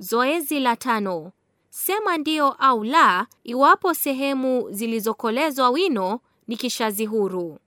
Zoezi la tano. Sema ndio au la iwapo sehemu zilizokolezwa wino ni kishazi huru.